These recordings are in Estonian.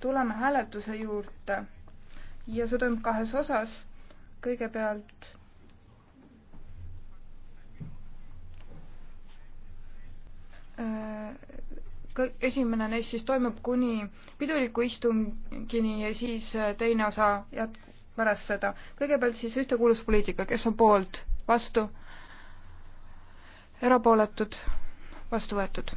tuleme hääletuse juurde ja see toimub kahes osas. kõigepealt äh, esimene neist siis toimub kuni piduliku istungini ja siis äh, teine osa jät-, pärast seda. kõigepealt siis ühtekuuluvuspoliitika, kes on poolt, vastu, erapooletud, vastu võetud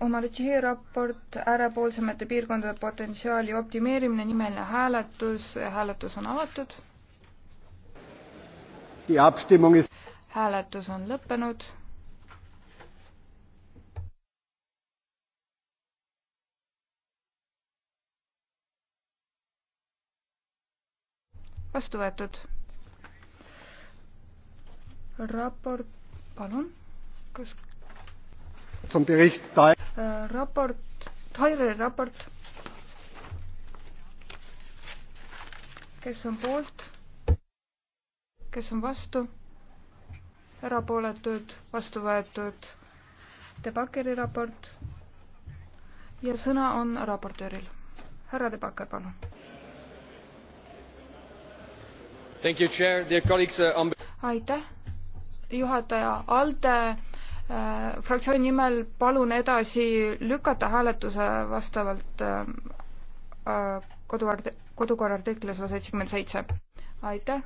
oma Lucia raport äärepoolsemate piirkondade potentsiaali optimeerimine, nimeline hääletus, hääletus on avatud. Is... hääletus on lõppenud. vastu võetud. raport, palun, kas Äh, raport, Taire raport. kes on poolt, kes on vastu, erapooletud, vastu võetud, Debakeri raport ja sõna on raportööril. härra Debaker, palun. Uh, aitäh, juhataja Alde Äh, fraktsiooni nimel palun edasi lükata hääletuse vastavalt äh, äh, kodukord, kodukorra artiklile sada seitsekümmend seitse. aitäh.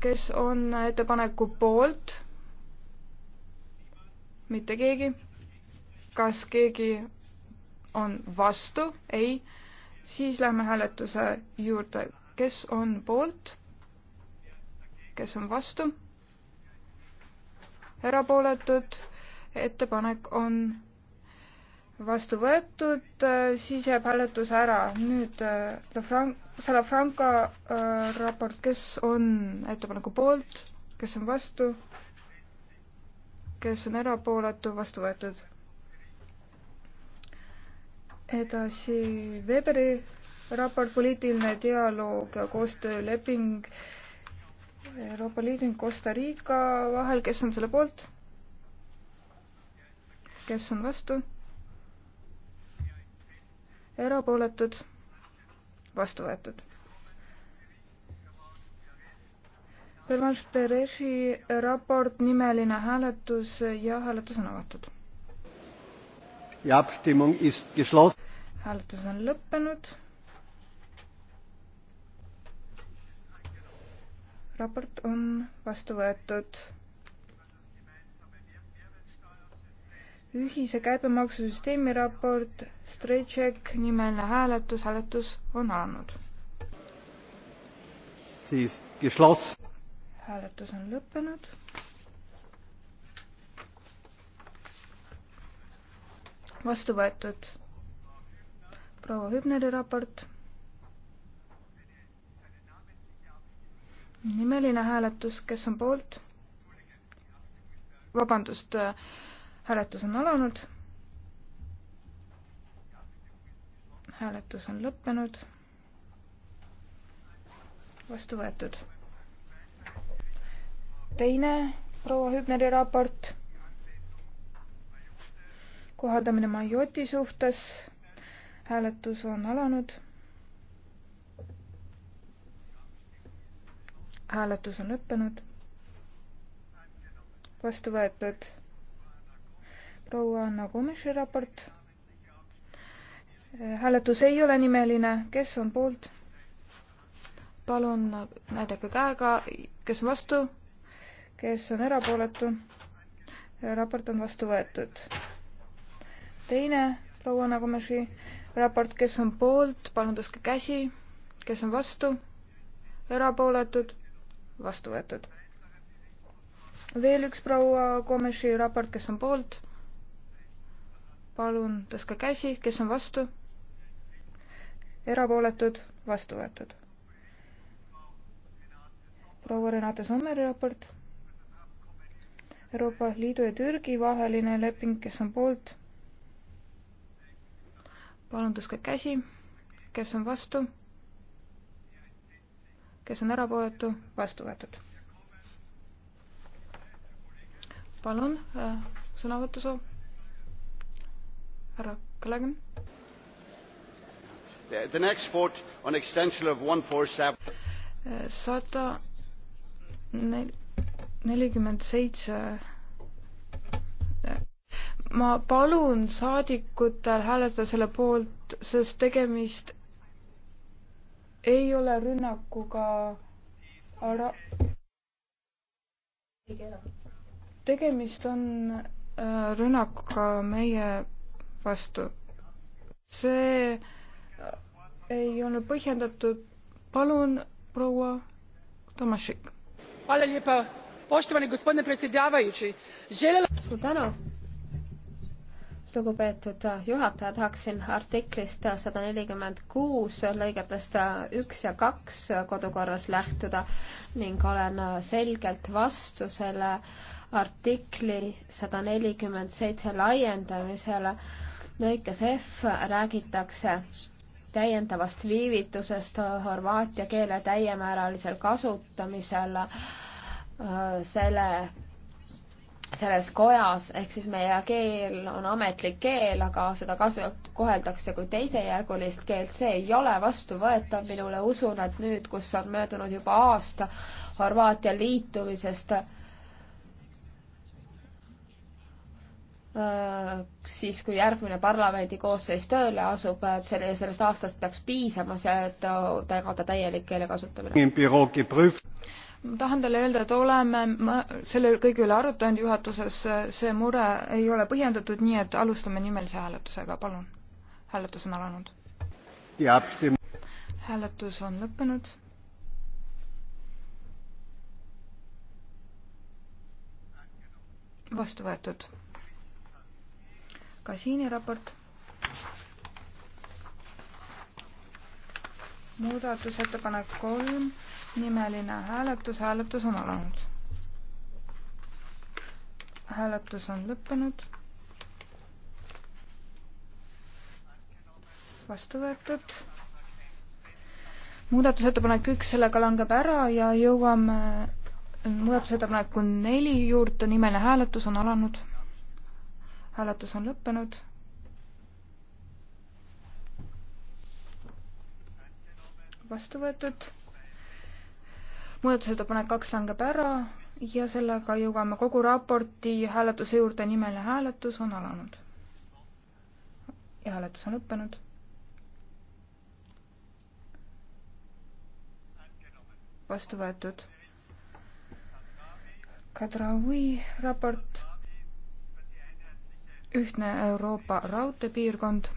kes on ettepaneku poolt? mitte keegi. kas keegi on vastu? ei. siis lähme hääletuse juurde. kes on poolt? kes on vastu? erapooletud, ettepanek on vastu võetud, siis jääb hääletus ära. nüüd äh, Salafranca äh, raport, kes on ettepaneku poolt, kes on vastu, kes on erapooletu, vastu võetud. edasi Weberi raport, poliitiline dialoog ja koostööleping Euroopa Liidu ning Costa Rica vahel, kes on selle poolt? kes on vastu? erapooletud? vastu võetud. Pervanš Pereši raport, nimeline hääletus ja hääletus on avatud. hääletus on lõppenud raport on vastu võetud. ühise käibemaksusüsteemi raport, Strejček, nimeline hääletus, hääletus on alanud. siis geschloss. hääletus on lõppenud. vastu võetud proua Hübneri raport nimeline hääletus, kes on poolt? vabandust, hääletus on alanud. hääletus on lõppenud. vastu võetud. teine proua Hübneri raport. kohaldamine Majoti suhtes. hääletus on alanud hääletus on lõppenud. vastu võetud proua Anna Komeši raport. hääletus ei ole nimeline, kes on poolt? palun näidake käega, kes on vastu, kes on erapooletu. raport on vastu võetud. teine proua Anna Komeši raport, kes on poolt, palun tõstke käsi, kes on vastu, erapooletud vastu võetud. veel üks proua Komeši raport, kes on poolt. palun tõstke käsi, kes on vastu? erapooletud, vastu võetud. proua Renate Sommeri raport. Euroopa Liidu ja Türgi vaheline leping, kes on poolt? palun tõstke käsi, kes on vastu? kes on erapooletu, vastu võetud. palun äh,, sõnavõtusoov. härra Kalegin. The next vote on extension of one four seven. Äh, sada nelikümmend seitse äh, ma palun saadikutel hääletada selle poolt, sest tegemist ei ole rünnakuga ara-. tegemist on äh, rünnakuga meie vastu. see äh, ei olnud põhjendatud. palun, proua Tomašik. suur tänu lugupeetud juhataja, tahaksin artiklist sada nelikümmend kuus lõigetest üks ja kaks kodukorras lähtuda ning olen selgelt vastu selle artikli sada nelikümmend seitse laiendamisele. lõikes F räägitakse täiendavast viivitusest horvaatia keele täiemääralisel kasutamisel äh, selle selles kojas, ehk siis meie keel on ametlik keel, aga seda kasu-, koheldakse kui teisejärgulist keelt, see ei ole vastuvõetav minule, usun, et nüüd, kus on möödunud juba aasta Horvaatia liitumisest, äh, siis kui järgmine parlamendi koosseis tööle asub, et selle, sellest aastast peaks piisama, see, et ta ei kaota täielik keele kasutamine ma tahan teile öelda, et oleme selle kõige üle arutanud juhatuses, see mure ei ole põhjendatud, nii et alustame nimelise hääletusega, palun. hääletus on alanud. hääletus on lõppenud. vastu võetud. Kasiini raport muudatusettepanek kolm nimeline hääletus, hääletus on alanud. hääletus on lõppenud. vastu võetud. muudatusettepanek üks sellega langeb ära ja jõuame muudatusettepaneku neli juurde, nimeline hääletus on alanud. hääletus on lõppenud vastu võetud muudatusettepanek kaks langeb ära ja sellega jõuame kogu raporti hääletuse juurde, nimeline hääletus on alanud. ja hääletus on lõppenud. vastu võetud. Kadraoui raport, ühtne Euroopa raudteepiirkond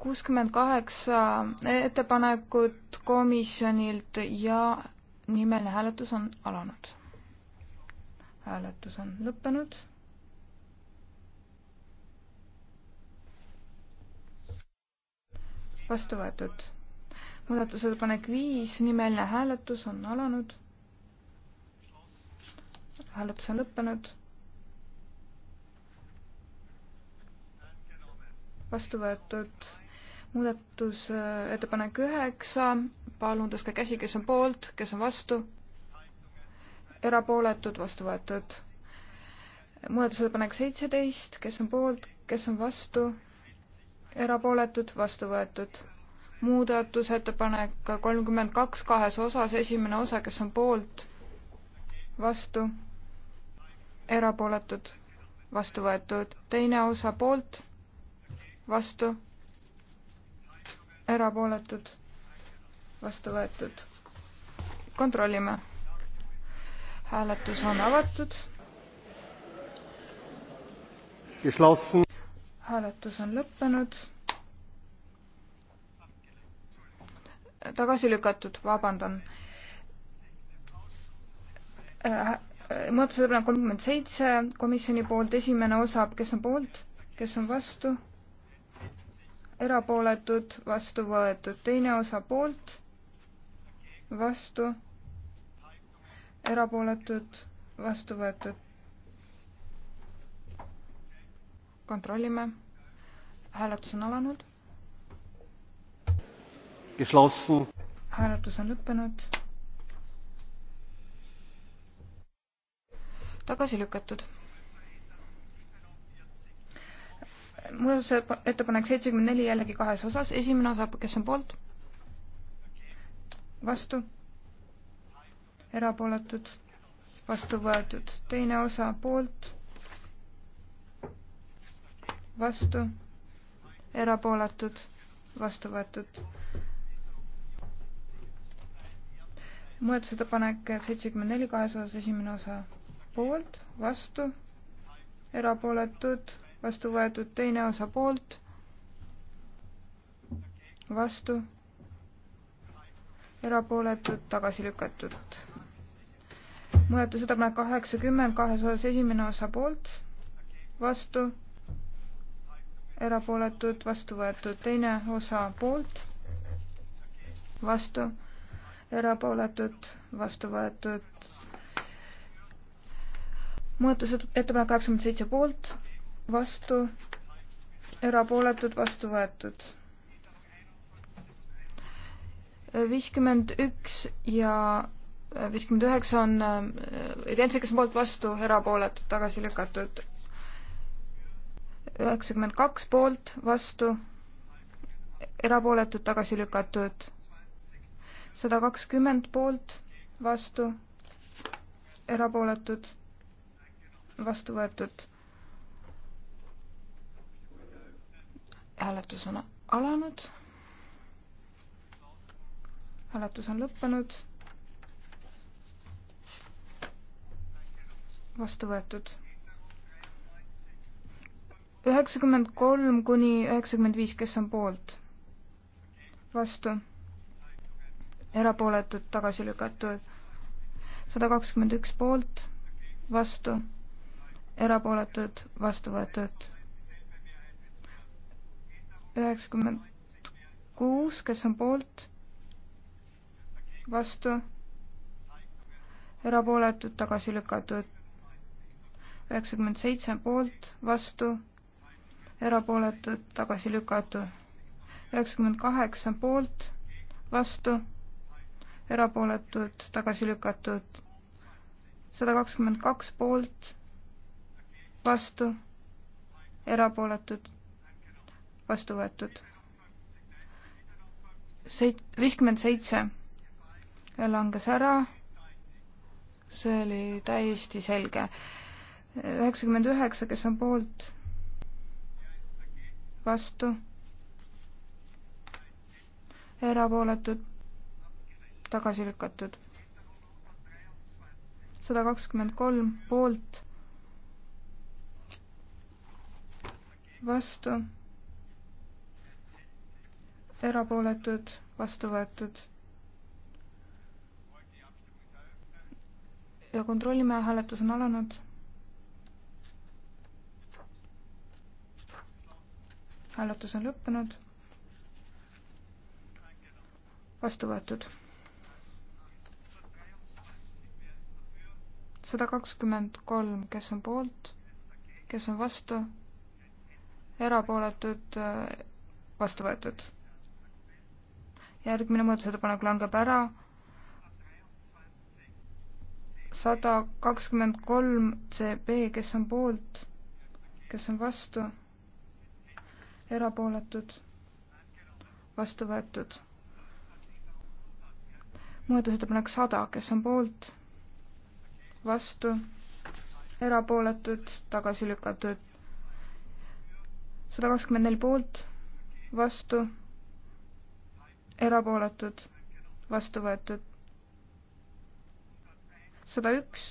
kuuskümmend kaheksa ettepanekut komisjonilt ja nimeline hääletus on alanud. hääletus on lõppenud vastu võetud. muudatusettepanek viis, nimeline hääletus on alanud. hääletus on lõppenud. vastu võetud muudatusettepanek äh, üheksa, palun tõstke käsi, kes on poolt, kes on vastu. erapooletud, vastu võetud. muudatusettepanek seitseteist, kes on poolt, kes on vastu, erapooletud, vastu võetud. muudatusettepanek kolmkümmend kaks kahes osas, esimene osa, kes on poolt, vastu, erapooletud, vastu võetud, teine osa poolt, vastu erapooletud, vastu võetud. kontrollime. hääletus on avatud. hääletus on lõppenud. tagasi lükatud, vabandan äh, äh, muudatusettepanek kolmkümmend seitse komisjoni poolt, esimene osa, kes on poolt, kes on vastu, erapooletud, vastu võetud, teine osa poolt, vastu, erapooletud, vastu võetud. kontrollime, hääletus on alanud. hääletus on lõppenud. tagasi lükatud muudatusettepanek seitsekümmend neli jällegi kahes osas, esimene osa, kes on poolt? vastu? erapooletud? vastu võetud, teine osa poolt? vastu? erapooletud? vastu võetud? muudatusettepanek seitsekümmend neli kahes osas, esimene osa poolt, vastu, erapooletud vastu võetud teine osa poolt, vastu, erapooletud, tagasi lükatud. muudatusettepanek kaheksakümmend, kahes osas esimene osa poolt, vastu, erapooletud, vastu võetud, teine osa poolt, vastu, erapooletud, vastu võetud, muudatusettepanek kaheksakümmend seitse poolt vastu, erapooletud, vastu võetud. viiskümmend üks ja viiskümmend üheksa on äh, identsed, kes on poolt vastu, erapooletud, tagasi lükatud. üheksakümmend kaks poolt, vastu, erapooletud, tagasi lükatud. sada kakskümmend poolt, vastu, erapooletud, vastu võetud hääletus on alanud. hääletus on lõppenud. vastu võetud. üheksakümmend kolm kuni üheksakümmend viis, kes on poolt? vastu. erapooletud, tagasi lükatud. sada kakskümmend üks poolt, vastu. erapooletud, vastu võetud üheksakümmend kuus, kes on poolt, vastu, erapooletud, tagasi lükatud. üheksakümmend seitse poolt, vastu, erapooletud, tagasi lükatud. üheksakümmend kaheksa poolt, vastu, erapooletud, tagasi lükatud. sada kakskümmend kaks poolt, vastu, erapooletud vastu võetud. Seit-, viiskümmend seitse langes ära, see oli täiesti selge. üheksakümmend üheksa, kes on poolt, vastu, erapooletud, tagasi lükatud. sada kakskümmend kolm poolt, vastu erapooletud, vastu võetud. ja kontrollime, hääletus on alanud. hääletus on lõppenud. vastu võetud. sada kakskümmend kolm, kes on poolt, kes on vastu, erapooletud, vastu võetud järgmine muudatusettepanek langeb ära. sada kakskümmend kolm CB, kes on poolt, kes on vastu, erapooletud, vastu võetud. muudatusettepanek sada, kes on poolt, vastu, erapooletud, tagasi lükatud. sada kakskümmend neli poolt, vastu erapooletud, vastu võetud sada üks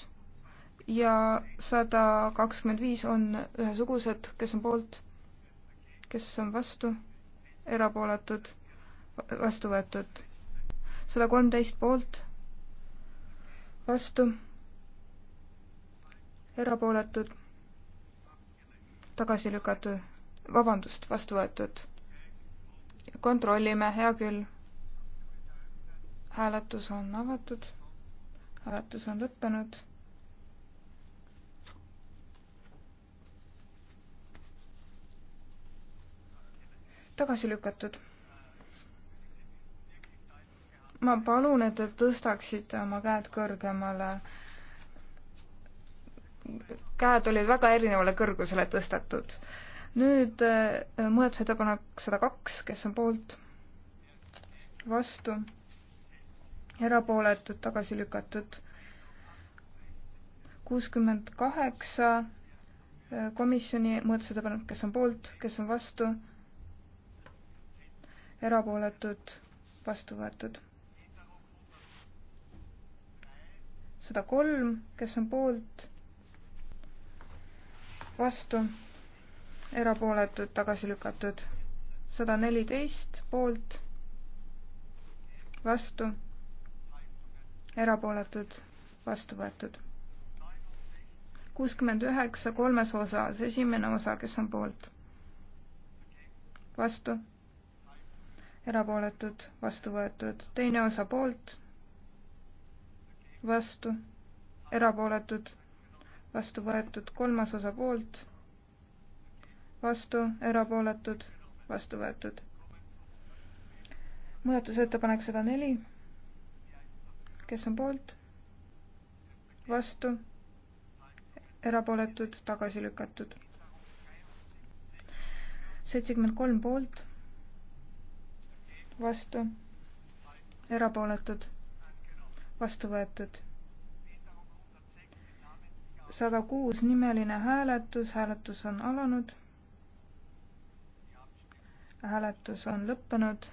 ja sada kakskümmend viis on ühesugused, kes on poolt, kes on vastu, erapooletud, vastu võetud. sada kolmteist poolt, vastu, erapooletud, tagasi lükatud, vabandust, vastu võetud. kontrollime, hea küll hääletus on avatud, hääletus on lõppenud. tagasi lükatud. ma palun, et te tõstaksite oma käed kõrgemale. käed olid väga erinevale kõrgusele tõstetud. nüüd eh, muudatusettepanek sada kaks, kes on poolt? vastu erapooletud, tagasi lükatud. kuuskümmend kaheksa komisjoni muudatusettepanek, kes on poolt, kes on vastu, erapooletud, vastu võetud. sada kolm, kes on poolt, vastu, erapooletud, tagasi lükatud. sada neliteist poolt, vastu erapooletud, vastu võetud. kuuskümmend üheksa kolmes osas, esimene osa, kes on poolt? vastu, erapooletud, vastu võetud, teine osa poolt, vastu, erapooletud, vastu võetud, kolmas osa poolt, vastu, erapooletud, vastu võetud. muudatusettepanek sada neli kes on poolt, vastu, erapooletud, tagasi lükatud. seitsekümmend kolm poolt, vastu, erapooletud, vastu võetud. sada kuus nimeline hääletus, hääletus on alanud. hääletus on lõppenud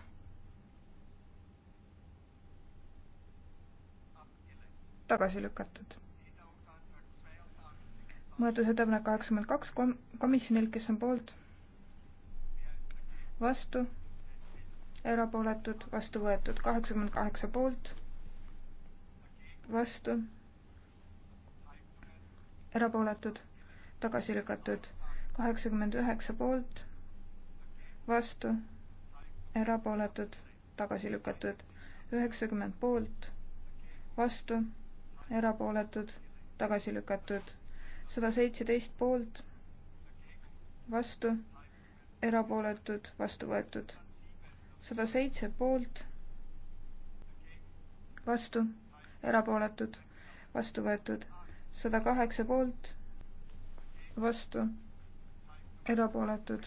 tagasi lükatud. muudatusettepanek kaheksakümmend kaks kom-, komisjonilt, kes on poolt, vastu, erapooletud, vastu võetud, kaheksakümmend kaheksa poolt, vastu, erapooletud, tagasi lükatud, kaheksakümmend üheksa poolt, vastu, erapooletud, tagasi lükatud, üheksakümmend poolt, vastu erapooletud, tagasi lükatud. sada seitseteist poolt, vastu, erapooletud, vastu võetud. sada seitse poolt, vastu, erapooletud, vastu võetud. sada kaheksa poolt, vastu, erapooletud,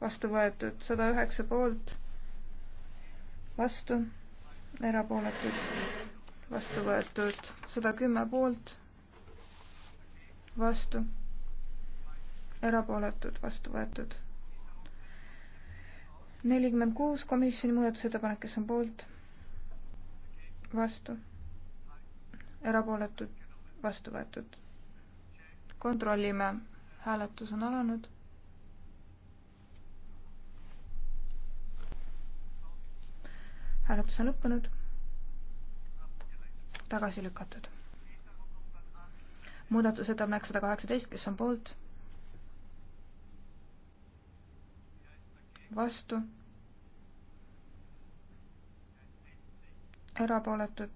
vastu võetud. sada üheksa poolt, vastu, erapooletud vastu võetud sada kümme poolt, vastu, erapooletud, vastu võetud. nelikümmend kuus komisjoni muudatusettepanek, kes on poolt, vastu, erapooletud, vastu võetud. kontrollime, hääletus on alanud hääletus on lõppenud tagasi lükatud. muudatusettepanek sada kaheksateist, kes on poolt? vastu? erapooletud?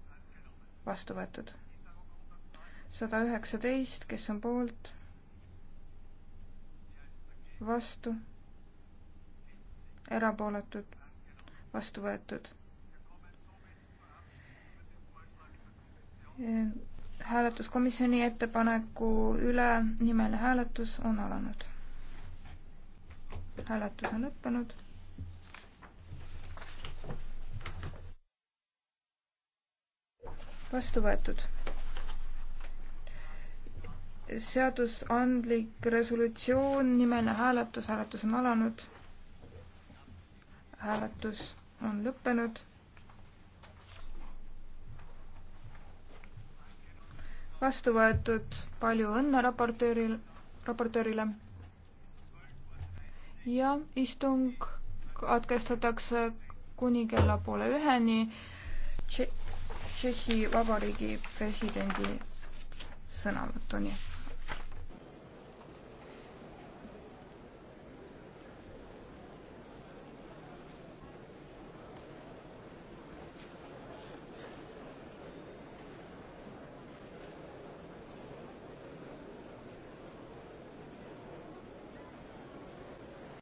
vastu võetud. sada üheksateist, kes on poolt? vastu? erapooletud? vastu võetud hääletuskomisjoni ettepaneku üle nimeline hääletus on alanud. hääletus on lõppenud. vastu võetud. seadusandlik resolutsioon, nimeline hääletus, hääletus on alanud. hääletus on lõppenud vastu võetud, palju õnne raportööril, raportöörile. ja istung katkestatakse kuni kella poole üheni Tšehhi Vabariigi presidendi sõnavõtuni